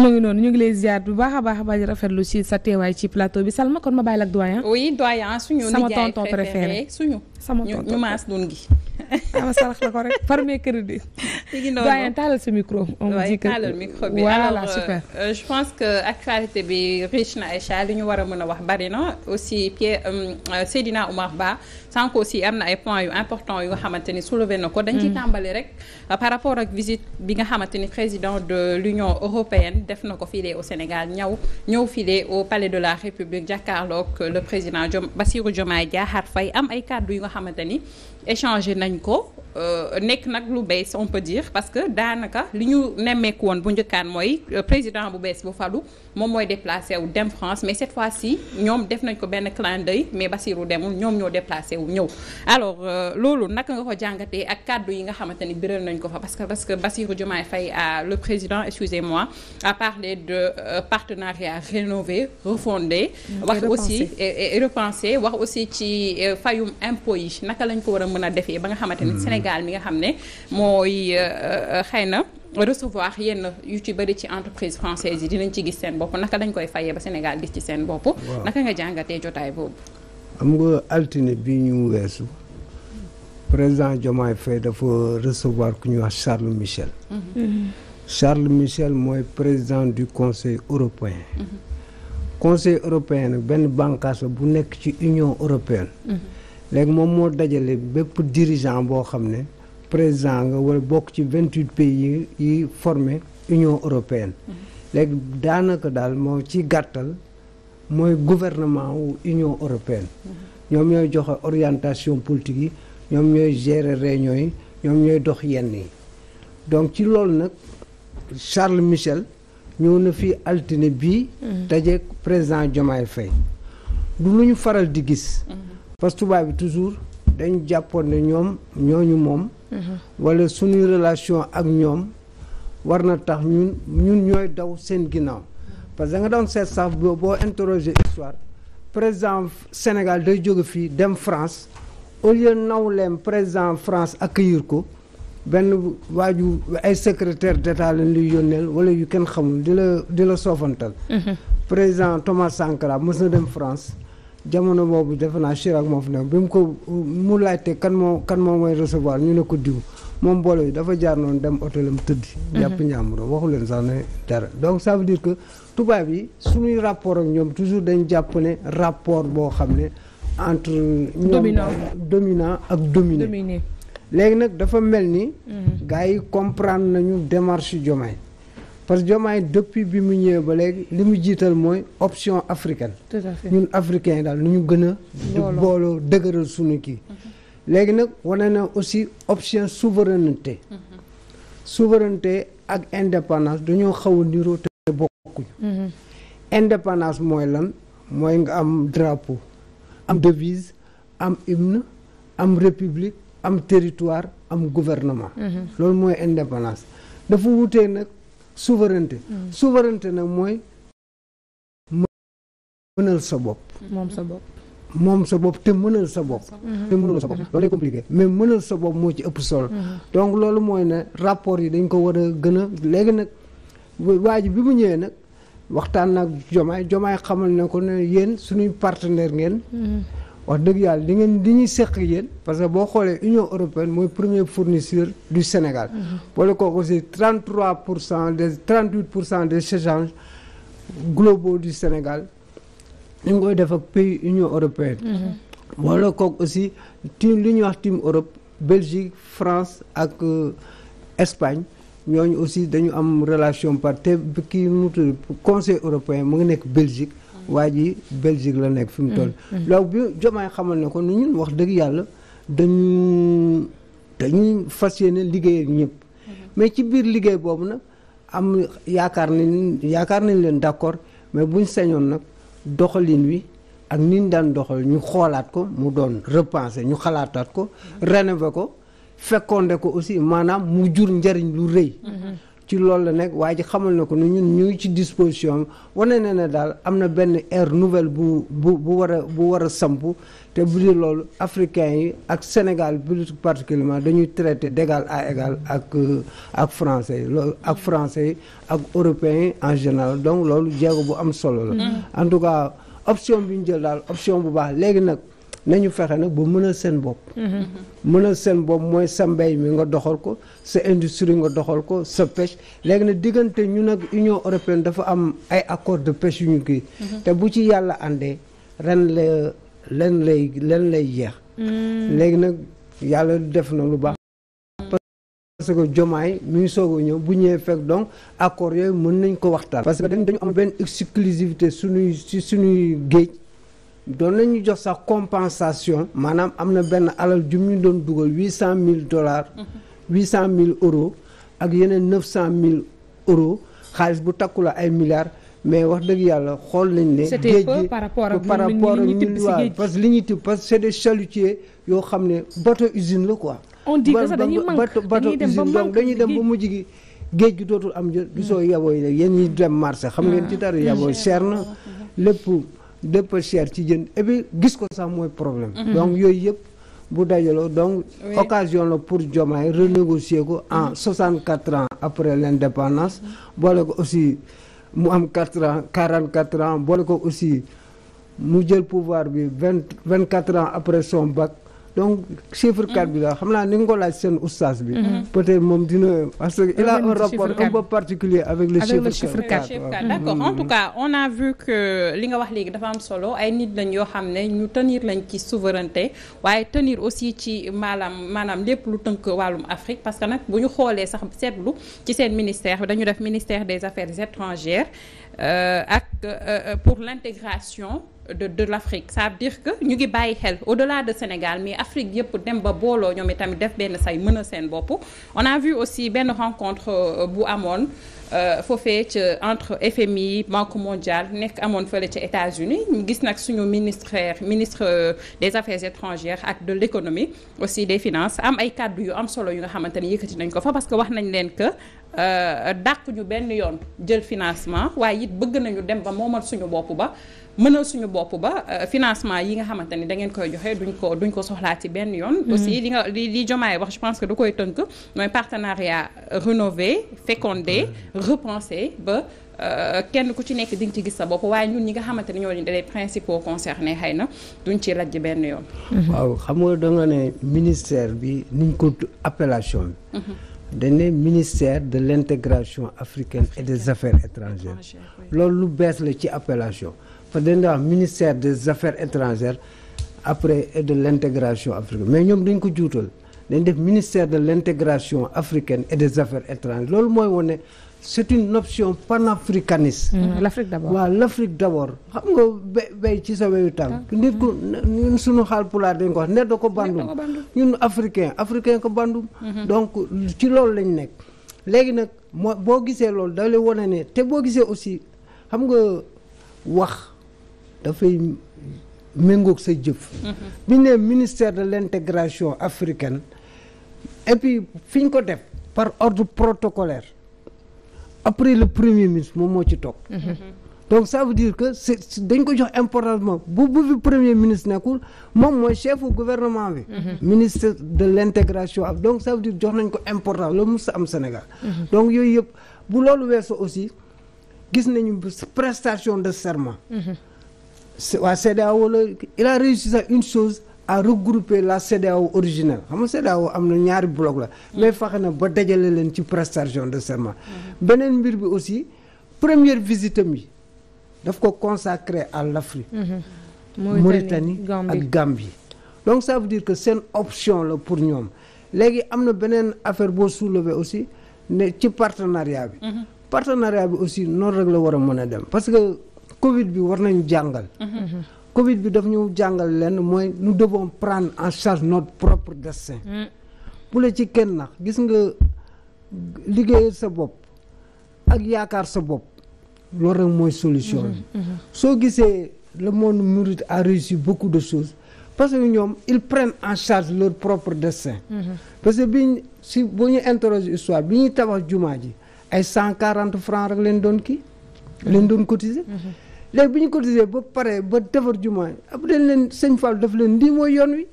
mu ngi noonu ñu ngi lay ziar bu baax a baax a rafetlu ci sa teewaay ci plateau bi ma kon ma bàyyi la ak doyen. oui doyen suñu nijaay préféré sama tonton préféré suñu. sama tonton ñu maas doon gi. ama sarax la ko rek farme crédit léegi noonu doyen taalal sa micro taalal micro bi voilà euh, super euh, je pense que actualité bi riche na Aïcha li ñu war a mën a wax bari na aussi Pierre euh, Seydina Oumar Ba sànq aussi am na ay points yu important yoo xamante ni soulevé na ko dañ ci mm. tàmbali rek par rapport ak visit bi nga xamante ni président de l'Union européenne def na ko filee au Sénégal ñëw ñëw filee au palais de la République jàkkaarloog le président Bassirou Diomaye Diakhar Faye am ay kàddu yu nga xamante ni échanger nañ ko Euh, nekk nag lu bees on peut dire parce que daanaka li ñu nemmeeku woon bu njëkkaan mooy euh, président bu bees bu falu moom mooy déplacé wu dem France mais cette fois si ñoom def nañ ko benn clin d'œil mais Bassirou demul ñoom ñoo déplacé wu ñëw. alors euh, loolu naka nga ko jàngatee ak kàddu yi nga xamante ni biral nañ ko fa parce que parce que Bassirou Diomaye Faye a le président excusez-moi a parlé de partenariat rénové refondé. Mm, wax aussi et repensé wax aussi ci fayum impôt yi naka lañ ko war mën a defee ba nga xamante ni mm. Sénégal mi nga xam ne mooy euh, euh, xëy na recevoir yenn yu ci bëri ci entreprise française yi dinañ ci gis seen bopp naka dañ koy fayee ba Sénégal gis ci seen bopp. naka nga jàngatee jotaay boobu. am nga altine bi ñu weesu. président Diomaye Faye dafa recevoir ku ñuy wax Charles Michel. Mm-hmm. Charles Michel mooy président du conseil européen. Mm-hmm. conseil européen nag benn bànqaas bu nekk ci union européenne. Mm-hmm. léegi moom moo dajale bépp dirigeant boo xam ne président nga wala bokk ci vingt huit pays yi yi formé Union européenne mhm. léegi daanaka daal moo ci gàttal mooy gouvernement wu Union européenne mhm. ñoom ñooy joxe orientation politique yi ñoom ñooy gérer réunion yi ñoom ñooy dox yenn yi donc ci loolu nag Charles Michel ñëw na fi altine bii mhm. dajeek président Diomaye Faye du lu ñu faral di gis parce que tubaab bi toujours dañ jàppoon ne ñoom ñooñu moom. wala suñuy relation ak ñoom war na tax ñun ñun ñooy daw seen ginnaaw. parce que nga doon seet sax boo boo interroger histoire président Sénégal day jóge fii dem France au lieu nawleem président France ak accueillir ko benn waaju ay secrétaire d'état lañ luy yónneel wala yu kenn xamul di la di la soofantal. Mhm. président Thomas Sankara mës na dem France. jamono boobu defe naa moo fi ne bi mu ko mu laajte kan moo kan moo mooy recevoir ñu ne ko diw moom boole yi dafa jaar noonu dem hôtelam tëddi mhm. jàpp ñaamuro waxu leen sax ne dara donc ça veut dire que tubaab yi suñuy rapport ak ñoom toujours dañ jàpp ne rapport boo xam ne entre ñoom dominant ak dominé léegi nag dafa mel ni mhm. gars yi comprendre nañu démarche Diomaye parce que Diomaye depuis bi mu ñëwee ba léegi li mu jiital mooy option africaine. ñun africain yi daal nu ñu gën a. booloo dëgëral suñu kii. léegi nag wane na aussi option souveraineté. souveraineté ak indépendance dañoo xaw a niroo te bokkuñu. indépendance mooy lan mooy nga am drapeau am devise am hymne am république am territoire am gouvernement. Mhm. loolu mooy indépendance dafa wutee nag. souveraineté. souveraineté nag mooy mënal sa bopp. moom sa bopp. sa bopp te mënal sa bopp. te mënal sa bopp loolu day compliqué mais mënal sa bopp moo ci ëpp solo. Mm-hmm. donc loolu mooy na rapport yi dañ ko war a gën a léegi nag waaju bi mu ñëwee nag waxtaan nag jomaay jomaay xamal ne ko ne yéen suñuy partenaire ngeen. Mm-hmm. wax dëgg yàlla li ngeen li ñuy seq yéen parce que boo xoolee Union européenne mooy premier fournisseur du Sénégal. boole mhm. ko aussi 33 pour cent des 38 pour cent des échanges globaux du Sénégal ñu ngi koy def ak pays Union européenne. boole mhm. ko aussi team li ñuy wax tiim Europe Belgique France ak euh, Espagne. ñooñu aussi dañu am relation par te kii mu tudd conseil européen mu ngi nekk Belgique waa ji Belgique la nekk fi mu toll. donc mm, mm. bi Diomaye xamal ne ko nu ñun wax dëgg yàlla dañu dañuy fas yéene liggéey ak ñëpp. Mm-hmm. mais ci biir liggéey boobu nag am yaakaar nañ yaakaar nañ leen d'accord mais buñ señoon nag doxalin wi ak ni daan doxal ñu xoolaat ko mu doon repenser ñu xalaataat ko mm-hmm. rénover ko fekkonde ko aussi maanaam mu jur njariñ lu rëy. Mm-hmm. ci loolu la nekk waaye ji xamal na ko ne ñun ñu ngi ci disposition wane na ne daal am na benn ère nouvelle bu bu bu war a bu war a samp te bu loolu africains yi ak Sénégal plus particulièrement dañuy traité d'égal à égal ak euh, ak français yi loolu ak français yi ak européens yi en général donc loolu jéego bu am solo la. Mm-hmm. en tout cas option bi ñu jël daal option bu baax léegi nag. nañu fexe nag ba mënal seen bopp. mënal seen bopp mooy sa mbéy mi nga doxal ko sa industrie nga doxal ko sa pêche léegi nag diggante ñu nag Union européenne dafa am ay accord de pêche yu ñu kii. Mhm. te bu ci yàlla àndee ren la len lay len lay jeex. Mm. léegi nag yàlla def na lu baax. parce que jomaay mi ngi soog ñëw bu ñëwee fekk donc accord yooyu mën nañ ko waxtaan. parce que dañu am benn exclusivité suñuy suñuy géej. doon nañu jox sax compensation maanaam am na benn alal jum ñu doon dugal huit cent mille dollars huit cent mille euros ak yeneen neuf cent mille euros xaalis bu takku la ay milliards mais wax dëgg yàlla xool nañ ne géej gi par rapport ak ñun waaw parce que li ñuy tibb parce que c'est des chalutiers yoo xam ne bateau usine la quoi on dit que sax dañuy manque bateau usine donc dañuy dem ba mujj gi géej gi dootul am jot gisoo yabooy yéen ñi dem marché xam ngeen ci dara mm. yabooy mm. cher na mm. lépp dëpp cher ci jën et gis ko sax mooy problème mhm. donc yooyu yëpp bu dajaloo donc oui. occasion la pour Diomaye renégocier ko en mhm. soixante quatre ans après l'indépendance boole ko aussi mu am quatre ans quarante quatre ans boole ko aussi mu jël pouvoir bi vingt vingt quatre ans après son bac donc chiffre 4 bi daal xam naa ni nga seen oustaz bi. Mhm. peut-être moom dina parce que il a un rapport un peu particulier avec le chiffre 4 avec mhm. en tout cas on a vu que li nga wax léegi dafa am solo ay nit lañ yoo xam ne ñu tenir lañ ci souveraineté waaye tenir aussi ci maalaam maanaam lépp lu tënk wàllum Afrique parce que nag bu ñu xoolee sax seetlu ci seen ministère bi dañu def ministère des affaires étrangères euh, ak euh, euh, pour l'intégration de de l'Afrique ça dire que ñu ngi bàyyi xel au la de Sénégal mais Afrique yëpp dem ba booloo ñoom itamit def benn say mën seen bopp on a aussi benn rencontre euh, bu amoon euh, foofee ca entre FMI Banque mondiale nekk amoon fële ca États-Unis ñu gis nag suñu ministère ministre euh, des affaires étrangères ak de l'économie aussi des finances am ay kàddu yu am solo yu nga xamante ni yëkkati nañ ko fa parce que wax nañ leen que dàq ñu benn yoon jël financement waaye it bëgg nañu dem ba moomal suñu bopp ba mënal suñu bopp ba euh, financement yi nga xamante ni da ngeen koy joxe duñ ko duñ ko soxlaa ci benn yoon. Mm-hmm. aussi li nga li li Diomaye wax je que da koy tënk mooy partenariat rénové fécondé repensé ba. Euh, kenn ku ci nekk di nga ci gis sa bopp waaye ñun ñi nga xamante ne ñoo di les principaux concernés xëy na duñ ci lajj benn yoon. Mm-hmm. waaw xam nga da nga ne ministère bi niñ ko appellation mm-hmm. dañ ne ministère de l' intégration africaine et des affaires étrangères. loolu lu bees la ci appellation. dañu wax ministère des affaires étrangères après et de l'intégration africaine mais ñoom dañ ko juutal dañ def ministère de l'intégration africaine et des affaires étrangères loolu mooy wone c'est une option panafricaniste. Mm, l'Afrique d'abord waaw l'Afrique d'abord. xam nga bé ci sa weyu tànk. nit ku ñun suñu xaal pulaar dañ ko wax ne da ko bandum ñun africain africain ko bandum mm-hmm. donc ci loolu lañ nekk. léegi nag moo boo gisee loolu da lay wane ne te boo gisee aussi xam nga wax dafay méngoog sa jëf mhm. bi ne ministère de l'intégration africaine et puis fi ñu ko def par ordre protocolaire après le premier ministre moom moo ci toog mhm. donc ça veut dire que dañ ko jox importance bu bu fi premier ministre nekkul moom mooy chefu gouvernement bi mhm. ministre de l'intégration donc ça veut dire jox nañ ko important loolu mos am Sénégal donc yooyu yëpp bu loolu weesoo aussi gis nañu prestation de serment waa CEDEAO la il a réussi une chose à regrouper la CEDEAO originelle xam nga CEDEAO am na ñaari bloc la mais fexe na ba dajale leen ci prestation de serment beneen mbir bi aussi première visitam yi daf ko consacré à l'Afrique mm-hmm. Mauritanie ak Gambie donc ça veut dire que seen option la pour ñoom léegi am na beneen affaire boo soulever aussi ne ci partenariat bi mm-hmm. partenariat bi aussi noonu rek la war a mën a dem parce que Covid bi war nañu jàngal. Covid bi daf ñu jàngal lenn mooy nous devons prendre en charge notre propre destin. bu la ci kenn nax gis nga liggéeyal sa bopp ak yaakaar sa bopp loolu rek mooy solution bi. soo gisee le monde mouride a réussi beaucoup de choses. parce que ñoom il prennent en charge leur propre destin. parce que biñ si bu ñu interroger histoire bi ñuy tabax jumaa ji ay cent quarante francs rek leen doon kii leen doon cotiser. léegi bi ñu cotisé ba pare ba defar jumaa yi ab dañ leen sëñ Fall daf leen lii mooy yoon wi.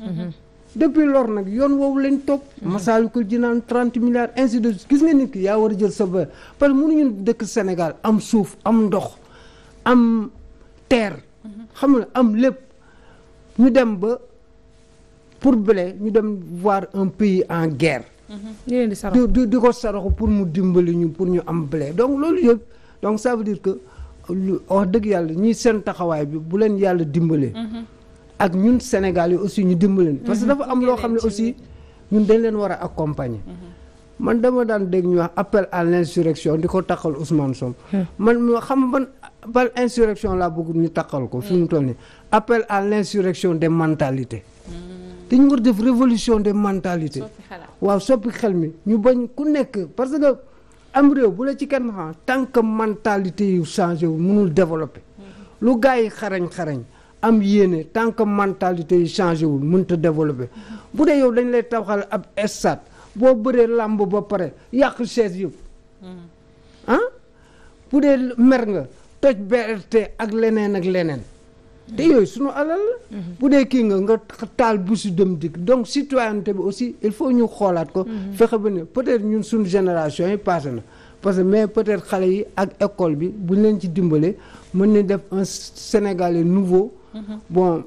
Mhm. depuis lor nag yoon woow leen topp. Mhm. Masaalikul Jinaan trente milliards ainsi de suite gis nga nit ki yaa war a jël sa bër parce que mënuñu dëkk Sénégal am suuf am ndox am terre. Mhm. xam nga am lépp ñu dem ba pour blé ñu dem voir un pays en guerre. di di ko saraxu pour mu dimbali ñu pour ñu am blé donc loolu yëpp donc ça dire que. lu wax dëgg yàlla ñi seen taxawaay bi bu leen yàlla dimbalee. Mm-hmm. ak ñun Sénégal yi aussi ñu dimbaleen parce que dafa am mm-hmm. loo xam ne aussi ñun dañ leen war a accompagner. Mm-hmm. man dama daan dégg ñu wax appel à l' insurrection di ko taxal Ousmane Sonko. man ma xam ban ban insurrection laa bëgg ñu taxal ko. fi mu toll nii appel à l' insurrection des mentalités. dañu war def révolution des mentalités. waaw soppi xel mi ñu bañ ku nekk am réew bu la ci kenn xam tant que mentalité yu changé wu mënul développer lu gars yi xarañ xareñ am yéene tant que mentalité yi changé wul mënut a développé bu dee yow dañ lay tabaxal ab stade boo bëree làmb ba pare yàq chaise yëpp mm. ah bu dee mer nga toj BRT ak leneen ak leneen te yooyu suñu alal mhm. bu dee kii nga nga taal bu busu dem dikk donc citoyenneté bi aussi il faut ñu xoolaat ko mhm. fexe ba ne peut-être ñun suñu génération yi passé na parce que mais peut-être xale yi ak école bi buñ leen ci dimbalee mën nañ def un Sénégalais nouveau mhm. bon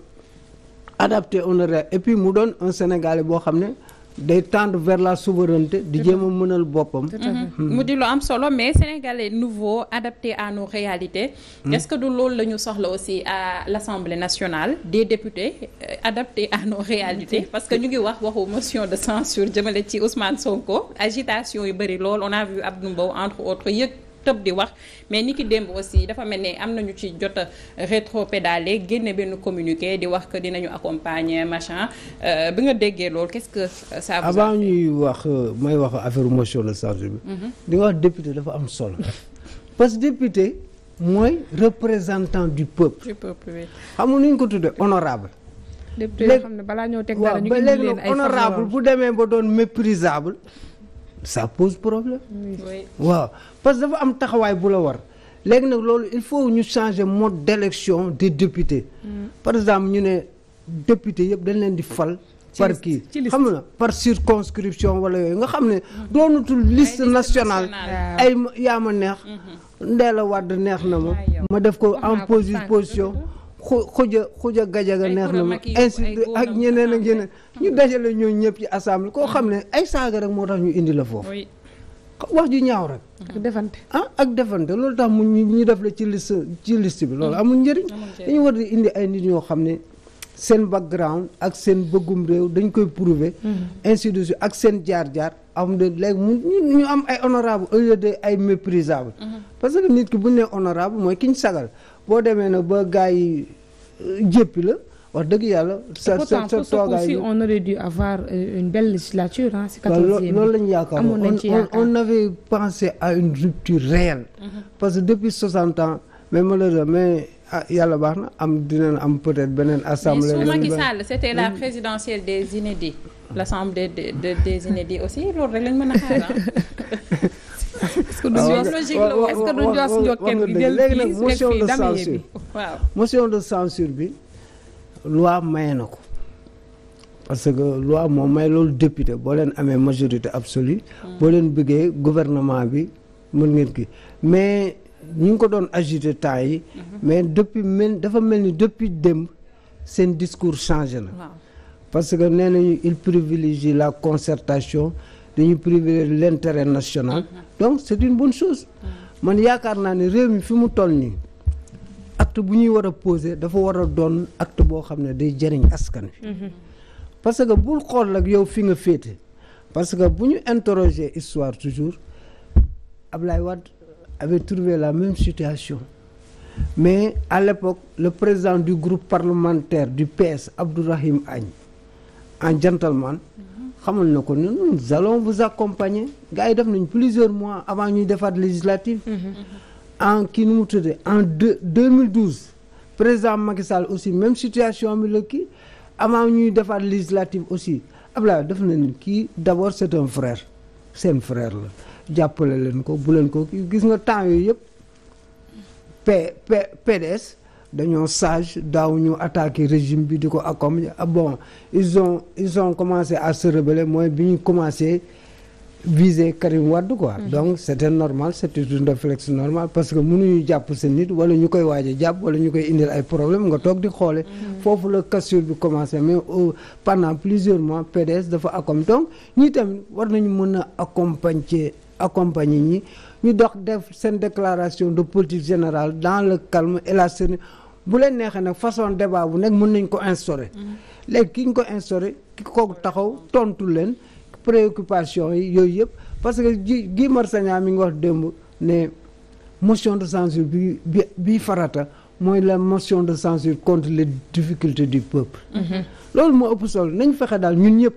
adapté honoraire et puis mu doon un Sénégalais boo xam ne day tendre vers la souveraineté di jéem mënal boppam. Hmm. Hmm. mu di lu am solo mais sénégalais nouveau adapté à nos réalités. Hmm. est que du loolu la ñu soxla aussi à l'Assemblée nationale des députés euh, adaptés à nos réalités parce que ñu ngi wax waxu motion de censure jëmale ci Ousmane Sonko agitation yu bëri lool on a vu Abdou Mbow entre autres yëg. tëb di wax mais ni ki démb aussi dafa mel ne am nañu ci jot a rétropédalé génne benn communiqué di wax que dinañu accompagner machin euh, bi nga déggee loolu qu'est-ce que sa euh, vous avant ñuy wax euh, may wax affaire motion de censure bi mhm. di wax député dafa am solo parce que député mooy représentant du peuple du nu ñu ko tuddee honorable député yoo xam ne balaa ñoo teg dara ñu indi leen honorable bu demee ba doon méprisable ça pose problème. oui waaw parce que dafa am taxawaay bu la war. léegi nag loolu il faut ñu changer mode d'élection des députés. Mm. par exemple ñu ne député yëpp dañ leen di fal. par kii xam na par circonscription wala yooyu nga xam ne mm. doonatul liste nationale ay yaa ma neex mm-hmm. Ndella Wade neex na ma ma def ko en xu xuja xuja gajaga neex na ma institut ak ñeneen ak ñeneen ñu dajale ñooñu ñëpp ci assemblée koo xam ne mm-hmm. ay saaga rek moo tax ñu indi la foofu wax ju ñaaw rek. ak defante ah, ak defante loolu tax mu ñu def la ci liste ci liste bi loolu mm-hmm. amul njëriñ. dañu war di indi ay nit ñoo xam ne seen background ak seen bëggum réew dañ koy prouver. Mm-hmm. institution ak seen jaar-jaar am de léegi mu ñu am ay honorable au lieu de ay méprisable. parce que nit ki bu ñu nee honorable mooy ki ñu boo demee na ba gars yi euh, jéppi la wax dëgg yàlla. sa sa sa toogaay bi on aurait dû avoir euh, une belle législature ah. si 14e loolu la ñu yaakaar on avait pensé à une rupture réelle. Mhm. parce que depuis 60 ans mais malheureusement mais ah, yàlla baax na am dinañ am peut-être beneen assemblée. mais su Macky Sall c'était la hmm. présidentielle des inédits l'assemblée des des inédits aussi loolu rek lañ mën a xaar est-ce que du logique la est léegi nag motion de censure waaw motion de censure bi loi maye na ko parce que loi moo may loolu député boo leen amee majorité absolue hmm. boo leen bëggee gouvernement bi mën ngeen ki mais ñu ngi ko doon agité temps yi hmm. mais depuis mel dafa mel ni depuis démb seen discours changé na parce que nee nañu il privilégie la concertation dañuy privilégier l'intérêt national ah. donc c'est une bonne chose man yaakaar naa ne réew mi fi mu toll nii acte bu ñuy war a poser dafa war a doon act boo xam ne day jëriñ askan wi mhm. parce que bul xool ak yow fi nga féete parce que bu ñu interroger histoire toujours Ablaye Wade avait trouvé la même situation mais à l'époque le président du groupe parlementaire du PS Abdourahim Agne en gentleman xamul na ko nu nous bu vous accompagner gars yi def nañ plusieurs mois avant ñuy defaat législative mm-hmm. en ki nu mu tuddee en deux 2012 président Macky Sall aussi même situation bi la kii avant ñuy defaat législative aussi Abdoulaye def na kii d' abord c' est frère seen frère la jàppale leen ko bu leen ko gis nga temps yooyu yëpp P P PDS. dañoo sage daaw ñu attaqué régime bi di ko accompagner ah bon ils ont ils ont commencé à se rebeller mooy bi ñu commencé viser Karim Wade quoi. Mm -hmm. donc es normal c'était une réflexe normale parce que mënuñu jàpp sa nit wala ñu koy waaj a jàpp wala ñu koy indil ay problème nga toog di xoole mhm. foofu la cassure bi commencé mais euh, pendant plusieurs mois PDS dafa accompagner donc ñi tamit war nañu mën a accompagner accompagner ñi ñu dox def seen déclaration de politique générale dans le calme et la sérénité bu leen neexee nag façon débat bu nekk mën nañ ko instaurer. léegi ki ñu ko instaurer ki ko taxaw tontu leen préoccupation yi yooyu yëpp parce que ji Guy Marius Sagna mi ngi wax démb ne motion de censure bi bi bi farata mooy la motion de censure contre les difficultés du peuple. Mhm. loolu moo ëpp solo nañ fexe daal ñun ñëpp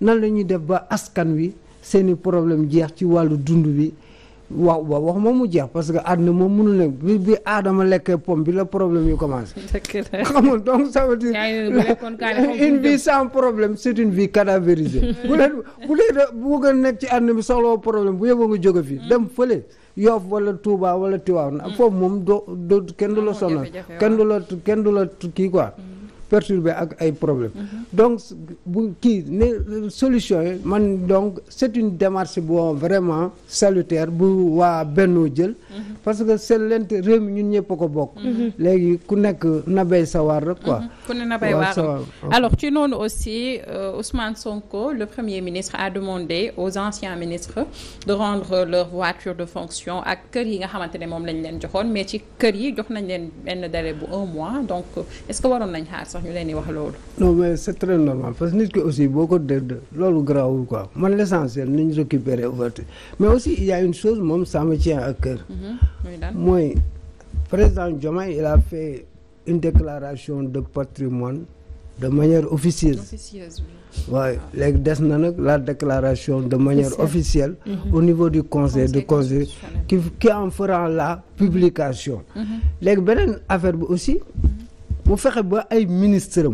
nan la ñuy def ba askan wi seeni problème jeex ci wàllu dund bi. waaw waaw wax moom mu jeex parce que àdduna moom mënul ne bi bi aadama lekkee pom bi la problème yu commencé. xam nga donc ça veut dire. une vie sans problème c' est une vie cadavérisée. bu leen bu leen bu nga nekk ci àdduna bi soxla problème bu yóbboo nga jóge fii mm. dem fële. Yoff wala Touba wala Tiwaawan. Mm. foofu moom doo doo kenn du la sonal. kenn du la kenn du la kii quoi. Mm. perturbé ak ay problème mhm. donc bu kii ne solution yi man donc c'est une démarche bon vraiment salutaire bu waa Benno jël mhm. parce que c'est lent réew mi ñun ñëpp a ko bokk mhm. léegi ku nekk na béy sawar rek quoi ku ne na béy waar alors ci noonu aussi euh, Ousmane Sonko le premier ministre a demandé aux anciens ministres de rendre leur voiture de fonction ak kër yi nga xamante ne moom lañ leen joxoon mais ci kër yi jox nañ leen benn délai bu un mois donc est-ce que waroon nañ xaar sax ñu leen di wax loolu. non mais c' est très normal parce aussi boo ko dégg loolu garaawul quoi man l' essentiel nañu récupérer ouverture mais aussi il y a une chose moom ça me tient à cœur. Mm-hmm. mooy président Diomaye il a fait une déclaration de patrimoine de manière officieuse. officieuse oui. léegi des na nag la déclaration de manière officielle. Mm -hmm. au niveau du conseil de conseil qui qui en fera la publication. Mm-hmm. léegi beneen affaire bi aussi. Mm-hmm. mu fexe ba ay ministres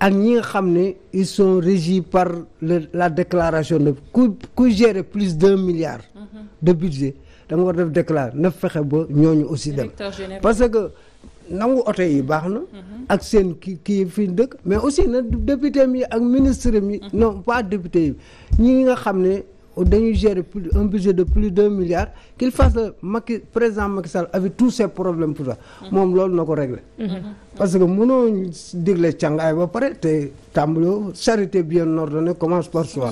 ak ñi nga xam ne ils son régis par le la déclaration de ku ku gérer plus d'un milliard mhm. de budget da nga war def déclarer na fexe ba ñooñu aussi dem parce que nangu oto yi baax na mhm. ak seen ki kii fi dëkk mais aussi na député mi ak ministre mi mhm. non pas député yi ñi nga xam ne dañuy gérer plus un budget de plus d'un milliard qu'il fasse le Macky président Macky Sall avec tous ses problèmes pour ça moom loolu na ko régler parce que mënoo digle càngaay ba pare te tàmbaloo charité bien ordonnée commence par soi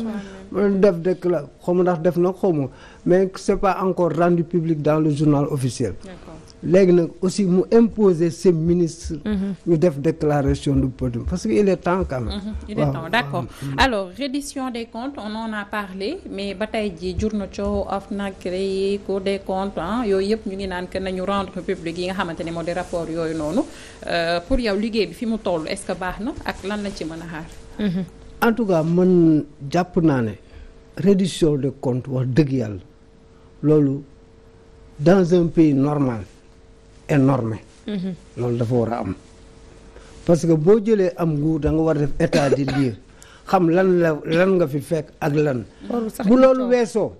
def dëkk la xaw ndax def na xaw mais c'est pas encore rendu public dans le journal officiel léegi nag aussi mu imposer ses ministre mhm. ñu def déclaration de politique parce que il est temps quand même. Mhm. il est temps d'accord mm-hmm. alors reddition des comptes on en a mais ba tey jii jur na coow OFNAC créé Cour des comptes ah, yooyu yëpp ñu ngi naan que nañu rendre public yi nga xamante ne moo di rapport yooyu noonu euh, pour yow liggéey bi fi mu toll est-ce que baax na ak lan la ci mën a xaar. Mhm. en tout cas mën jàpp naa ne reddition des comptes wax dëgg yàlla loolu dans un pays normal. énorme loolu dafa war a am parce que boo jëlee am nguur da nga war def état di liir xam lan la lan nga fi fekk ak lan bu loolu weesoo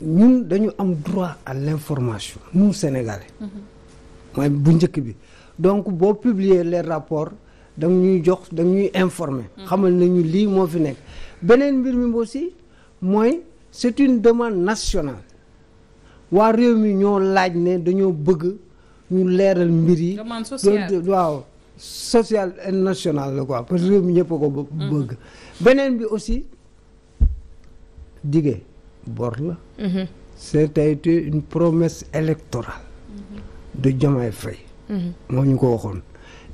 ñun dañu am droit à l'information nous sénégalais mooy bu njëkk bi donc boo publier les rapport danga ñuy jox danga ñuy informer xamal nañu lii moo fi nekk beneen mbir mi aussi mooy c'est une demande nationale waa réew mi ñoo laaj ne dañoo bëgg ñu leeral mbir yi waaw social et national la quoi parce que réew mi ñëpp ko mm-hmm. bëgg beneen bi aussi dige bor la mm-hmm. c'était une promesse électorale mm-hmm. de Diomaye Faye moo ñu ko waxoon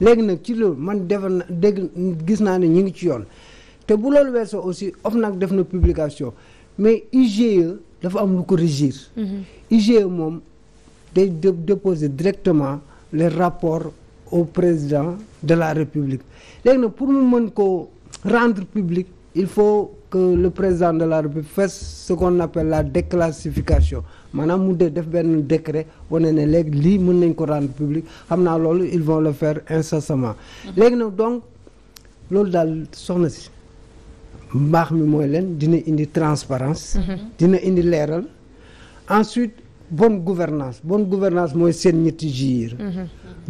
léegi nag ci loolu man defar na dégg gis naa ne ñu ngi ci yoon te bu loolu weesoo aussi OFNAC def na publication mais IGE dafa am lu ko régir mhm. IGE moom day déposer directement les rapport au président de la République léegi nag pour mu mën ko rendre publique il faut que le président de la République fasse ce qu'on la déclassification maanaam mu dee def benn décret wane ne léegi lii mën nañ ko rendre public xam naa loolu ils vont le faire incessamment mhm. léegi nag donc loolu daal soxna si mbaax mi mooy leen dina indi transparence mhm. dina indi leeral ensuite bon gouvernance bonne gouvernance mooy seen ñetti jiir mhm. mhm.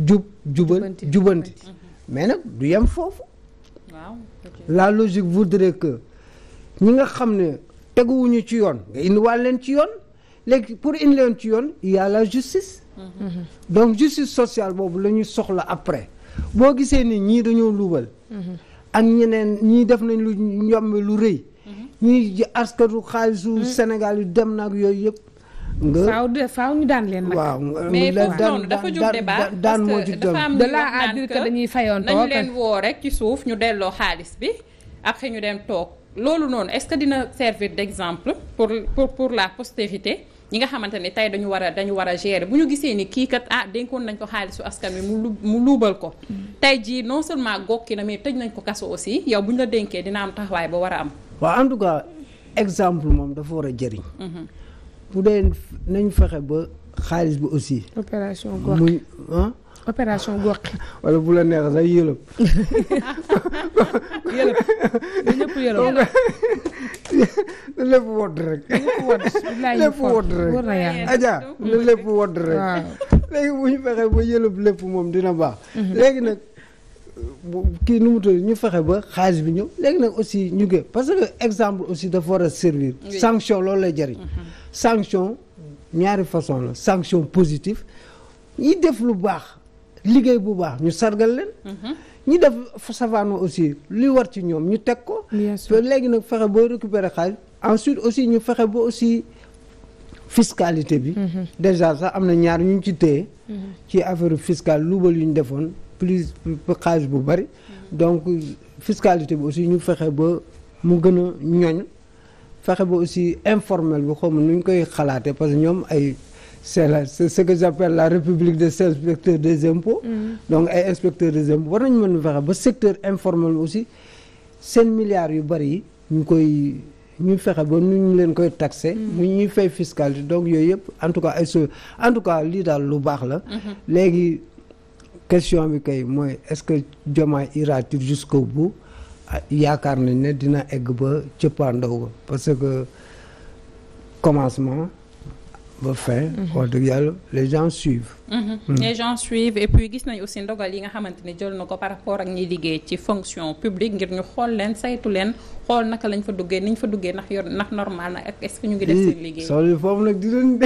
jub jubal jubanti mais nag du yem foofu waaw la logique voudrait que ñi nga xam ne teguwuñu ci yoon nga indiwaal leen ci yoon léegi pour indi leen ci yoon yàlla y a la justice donc justice sociale boobu la ñuy soxla après boo gisee ni ñii dañoo luubal ak ñeneen ñii def nañ lu njombe lu rëy. ñii askatu xaalisu mm-hmm. Sénégal yu dem na yooyu yëpp. nga faaw de ñu daan leen nag. waaw mais foofu noonu dafa jug débat daan moo jug tamit de là à dire que dañuy fayoon toog nañu leen woo rek ci suuf ñu delloo xaalis bi après ñu dem toog loolu noonu est-ce que dina servir d'exemple pour pour pour la postérité. ñi nga xamante ne tey dañu war a dañu war a gérer bu ñu gisee ni kii kat ah dénkoon nañ ko xaalisu askan wi mu lu mu luubal ko mm. tey jii non seulement gokki na mais tëj nañ ko kaso aussi yow bu ñu la dénkee dina am taxawaay ba war a am waa en tout cas exemple moom dafa war a jëriñ mm-hmm. bu dee nañ fexe ba xaalis bi aussi opération muy ah opération gox. wala bu la neex sax yëlëb. yëlëb yëlëb. lépp wodd rek. lépp wodd rek Adja na lépp wodd rek. léegi bu ñu fexe ba yëlëb lépp moom dina baax. Mhm. léegi nag kii nu mu ñu fexe ba xaalis bi ñëw léegi nag aussi ñu gën parce que exemple aussi dafa war a servir. sanction loolu lay jëriñ. Mhm. sanction ñaari façon la sanction positive ñi def lu baax liggéey bu baax ñu sargal leen. Mhm. ñi def savaano aussi li war ci ñoom ñu teg ko léegi nag fexe boo récupérer xaalis ensuite aussi ñu fexe ba aussi fiscalité bi mhm. déjà sax am na ñaar ñu ci téye mhm. ci affaire fiscale luubal yu ñu defoon plus xaalis bu bari mhm. donc fiscalité bi aussi ñu fexe ba mu gën a ñoñ fexe ba aussi informel bi xaw ma nu ñu koy xalaatee parce que ñoom ay c'est ce que j'appelle la république des inspecteurs des impôts mm. donc ay inspecteurs des impôts war nañu mën fexe ba secteur informel aussi seen milliards yu bari yi ñu koy ñu fexe ba nu ñu leen koy taxé mm. mu ñuy fay fiscalité donc yooyu yëpp en tout cas ay so en tout cas lii daal lu baax la mm-hmm. léegi question bi kay mooy est-ce que Diomaye ira-t-il bu ah, yaakaar nañ ne dina egg ba cëppaandaw ba parce que commencement ba fin. Mhm. wax dëgg yàlla les gens suivent. Mhm. Hmm. les gens suivent et puis gis nañ aussi ndogal yi nga xamante ne jël na ko par rapport ak ñi liggéey ci fonction publique ngir ñu xool leen saytu leen xool naka lañ fa duggee niñ fa duggee ndax yor ndax na ak est-ce que ñu ngi def seen liggéey. soxla foofu nag di leen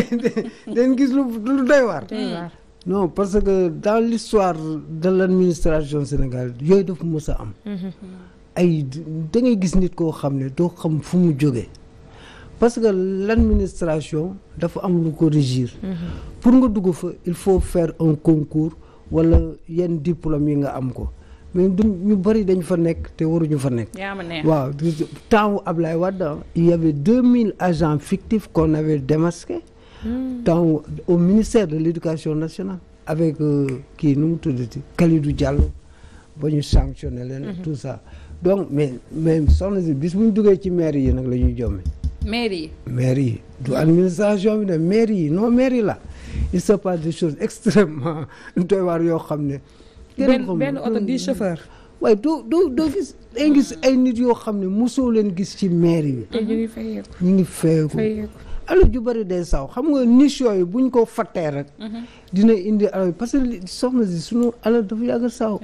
leen gis lu lu doy waar. non parce que dans l'histoire de l'administration sénégalaise yooyu dafa mës a am. Mhm. ay da gis nit koo xam ne doo xam fu mu jógee. parce que l'administration dafa am lu ko régir. pour nga dugg fa il faut faire un concours wala yenn diplôme yi nga am ko mais du ñu bëri dañu fa nekk te waruñu fa nekk. waaw temps wu Ablaye Wade il y avait 2000 agents fictifs qu'on avait démasqués. Hmm. temps au ministère de l'éducation nationale. avec euh, kii nu mu tuddati du Diallo ba ñu sanctionné leen. Hmm. tout ça donc mais mais soxna si bis mu duggee ci maire yi nag la ñuy jommee. maire yi. maire yi du administration bi ne maire yi non maire la il se passe des choses extrêmement doy waar yoo xam ne. benn benn oto di chauffeur. waaye doo doo doo gis ay gis ay nit yoo xam ne mosoo leen gis ci maire yi. te ñu ngi fayeeku ñu alal ju bëri day saw xam nga niche yooyu buñ ko fattee rek. Mhm. dina indi alal parce que soxna si sunu alal dafa yàgg saw.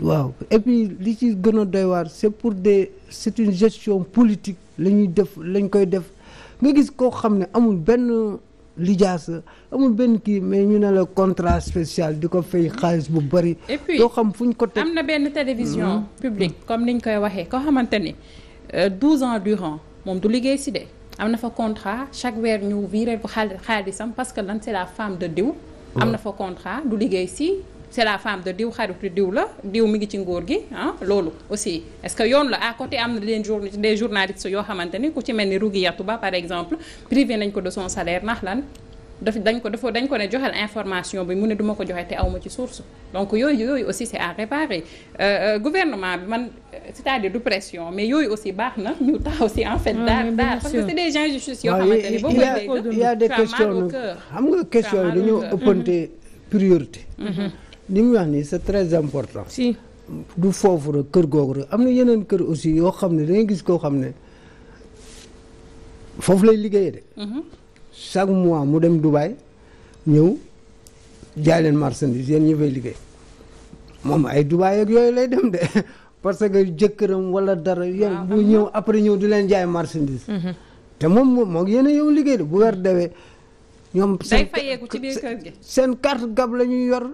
waaw et li ci gën a doy waar c'est pour des c'est une gestion politique. la ñuy def lañ koy def nga gis koo xam ne amul benn lijaasa amul benn kii mais ñu ne la contrat spécial di ko fay xaalis bu bari. et puis xam fu ñu ko teg am na benn télévision mm-hmm. publique comme ñu koy waxee koo xamante ni 12 euh, ans durant moom du liggéey si de am na fa contrat chaque weer ñu viré bu xaalisam parce que lan c'est la femme de diw. am na fa contrat du liggéey si. c'est la femme de diw xaritu diw la diw mi ngi ci nguur gi ah, loolu aussi est que yoon la à côté am na leen jour des journalistes yoo xamante ni ku ci mel ni Rougiyatou Ba par exemple privé nañ ko de son salaire ndax lan daf dañ ko dafa dañ ko ne joxel information bi mu ne duma ko joxe te awma ci source donc yooyu yooyu aussi c'est à réparer euh, euh, gouvernement bi man c'est-à-dire du pression mais yooyu aussi baax na ñu taxaw si en fait. daal daal parce que c'est des injustices yoo xamante li mu wax nii c'est très important. du foofu rek kër googu rek am na yeneen kër aussi yoo xam ne da gis koo xam ne foofu lay liggéeyee de. Mhm. chaque mois mu dem Dubaï ñëw jaay leen marchandise yéen ñi fay liggéey moom ay Dubaï ak yooyu lay dem de parce que jëkkëram wala dara. Ah, yéen bu ñëw après ñëw di leen jaay marchandise. Mhm. te moom moom ak yéen liggéey de bu weer dewee. ñoom seen day fayeeku ci biir kër gi seen carte gab la ñuy yor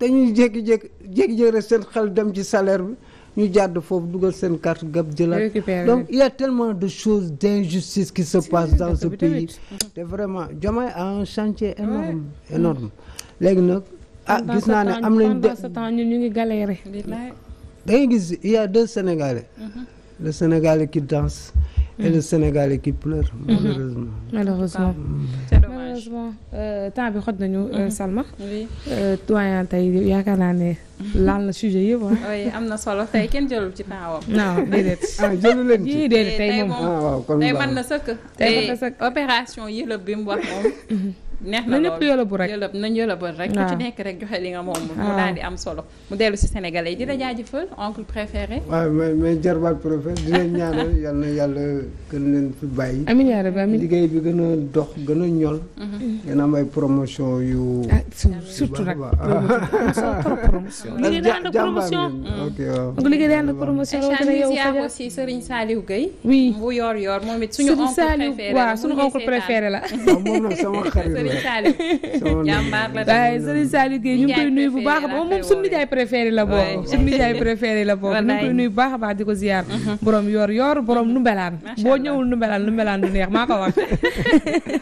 dañuy jékki-jékki jékki-jékki rek seen xel dem ci salaire bi ñu jàdd foofu dugal seen carte gab jëlaat donc il y a tellement de choses d'injustice qui se passent dans ce pays te vraiment Diomaye a un chantier énorme mm. énorme léegi nag ah gis naa ne am nañ de ñu ngi galéré dangay gis il y a deux Sénégalais mm-hmm. le Sénégalais qui danse et le mm. Sénégalais qui pleure mm-hmm. malheureusement malheureusement malheureusement euh, temps bi xot nañu. Euh, mhm. Salma. oui euh, doyen tey yaakaar naa ne. Mhm. laal na sujet yëpp ah. oui am na solo tey kenn jëlul ci taawam. non déedéet. ah jëlu leen ci déedéet tey moom. ah tey mën na sëkk. tey mën na opération yi bi mu wax moom. Mhm. neex na loolu yëlëbu bu yëlëb nañ yëlëbal rek ku ci ah. nekk rek joxe li nga moom ah. di am solo mu dellu si sénégalais yi di la jaajëfal oncle préféré waaw mais di leen ñaanal yal yàlla gën leen fi bàyyi amiin dox gën ñol mm-hmm. gën a am ay promotion yu ah, surtout nag promotion liggéey daan de promotion mm. ok waaw liggéey daan de promotion yow aussi Serigne Saliou Gueye moom it suñu oncle préféré waaw suñu oncle préféré la Serigne Saliou jàmbaar la waaye Serigne Saliou Gueye ñu ngi koy nuyu bu baax a baax moom suñu nijaay préféré la bokk suñu nijaay préféré la bokk ñu ngi koy nuyu bu baax a baax di ko ziar mhm. borom yor yor borom nu mbelaan boo ñëwul nu mbelaan nu mbelaan du neex maa ko wax